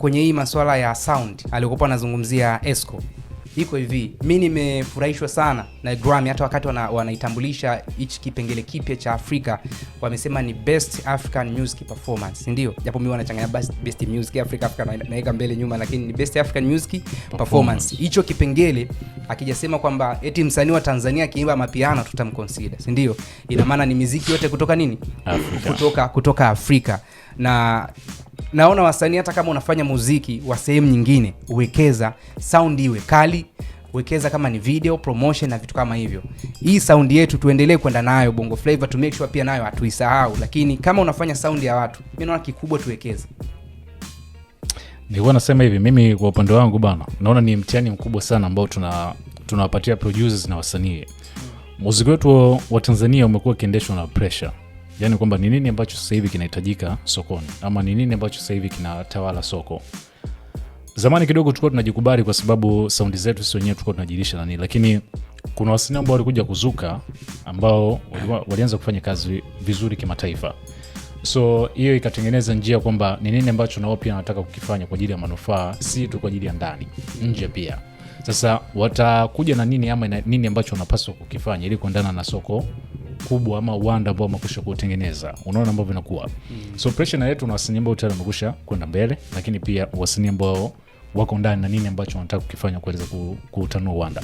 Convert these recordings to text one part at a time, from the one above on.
kwenye hii masuala ya sound aliokopa anazungumzia Esco iko hivi, mi nimefurahishwa sana na Grammy. Hata wakati wana, wanaitambulisha hichi kipengele kipya cha Afrika wamesema ni best African music performance, sindio japo mi wanachanganya best, music Africa Africa naweka mbele nyuma, lakini ni best African music performance. Hicho kipengele akijasema kwamba eti msanii wa Tanzania akiimba mapiano tutamconsider, si ndio? Ina maana ni miziki yote kutoka nini kutoka kutoka Afrika na naona wasanii hata kama unafanya muziki wa sehemu nyingine, uwekeza sound iwe kali, wekeza kama ni video promotion na vitu kama hivyo. Hii saundi yetu tuendelee kwenda nayo Bongo Flava to make sure pia nayo hatuisahau, lakini kama unafanya saundi ya watu, mi naona kikubwa tuwekeze. Nilikuwa nasema hivi, mimi kwa upande wangu bana, naona ni mtihani mkubwa sana ambao tuna tunawapatia producers na wasanii. Muziki wetu wa Tanzania umekuwa ukiendeshwa na pressure yani kwamba ni nini ambacho sasa hivi kinahitajika sokoni ama ni nini ambacho sasa hivi kinatawala soko. Zamani kidogo tulikuwa tunajikubali kwa sababu saundi zetu sisi wenyewe tulikuwa tunajilisha nani, lakini kuna wasanii ambao walikuja kuzuka ambao walianza kufanya kazi vizuri kimataifa, so hiyo ikatengeneza njia kwamba ni nini ambacho nao pia wanataka kukifanya kwa ajili ya manufaa, si tu kwa ajili ya ndani, nje pia. Sasa watakuja na nini ama nini ambacho wanapaswa kukifanya ili kuendana na soko kubwa ama uwanda ambao umekusha kutengeneza. Unaona ambavyo inakuwa mm. So pressure yetu na wasanii ambao tayari wamekusha kwenda mbele, lakini pia wasanii ambao wako ndani na nini ambacho wanataka kukifanya kuweza kutanua uwanda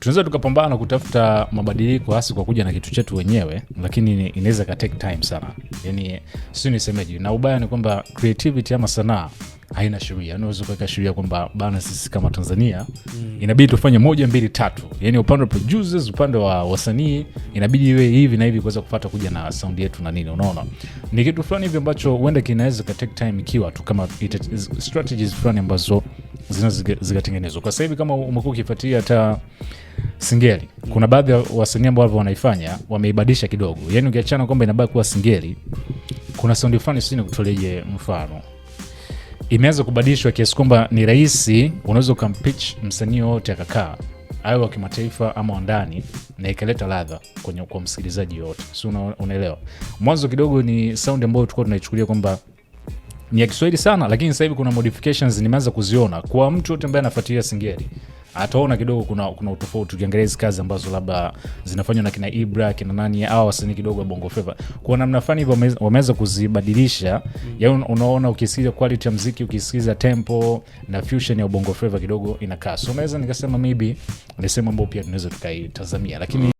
tunaweza tukapambana kutafuta mabadiliko hasi kwa kuja na kitu chetu wenyewe, lakini inaweza ka time sana, yani sio nisemeji Na ubaya ni kwamba creativity ama sanaa haina sheria. Yaani unaweza kuweka sheria kwamba bana, sisi kama Tanzania mm. inabidi tufanye moja mbili tatu, yani upande wa producers, upande wa wasanii inabidi iwe hivi na hivi kuweza kupata kuja na sound yetu na nini. Unaona, ni kitu fulani hivi ambacho huenda kinaweza ka take time, ikiwa tu kama strategies fulani ambazo zinaweza zikatengenezwa kwa sasa Kama umekuwa ukifuatilia hata singeli, mm. kuna baadhi ya wasanii ambao wanaifanya wameibadilisha kidogo, yani ukiachana kwamba inabaki kuwa singeli, kuna saundi fulani sijui nikutolieje mfano imeanza kubadilishwa kiasi kwamba ni rahisi, unaweza ukampich msanii wowote akakaa ayo wa kimataifa ama wandani na ikaleta ladha kwa msikilizaji yote, si unaelewa? Mwanzo kidogo ni saundi ambayo tukuwa tunaichukulia kwamba ni ya Kiswahili sana, lakini sasa hivi kuna modifications nimeanza kuziona kwa mtu yote ambaye anafuatilia singeri ataona kidogo kuna, kuna utofauti ukiangalia hizi kazi ambazo labda zinafanywa na kina Ibra kina nani au wasanii kidogo Bongo feva kwa namna fani hivyo wameweza kuzibadilisha mm. Yani unaona ukisikiza quality ya muziki ukisikiza tempo na fusion ya Bongo feva kidogo inakaa, so naweza nikasema maybe ni sehemu ambayo pia tunaweza tukaitazamia lakini mm.